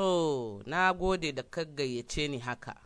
To, na gode da ka gayyace ni haka.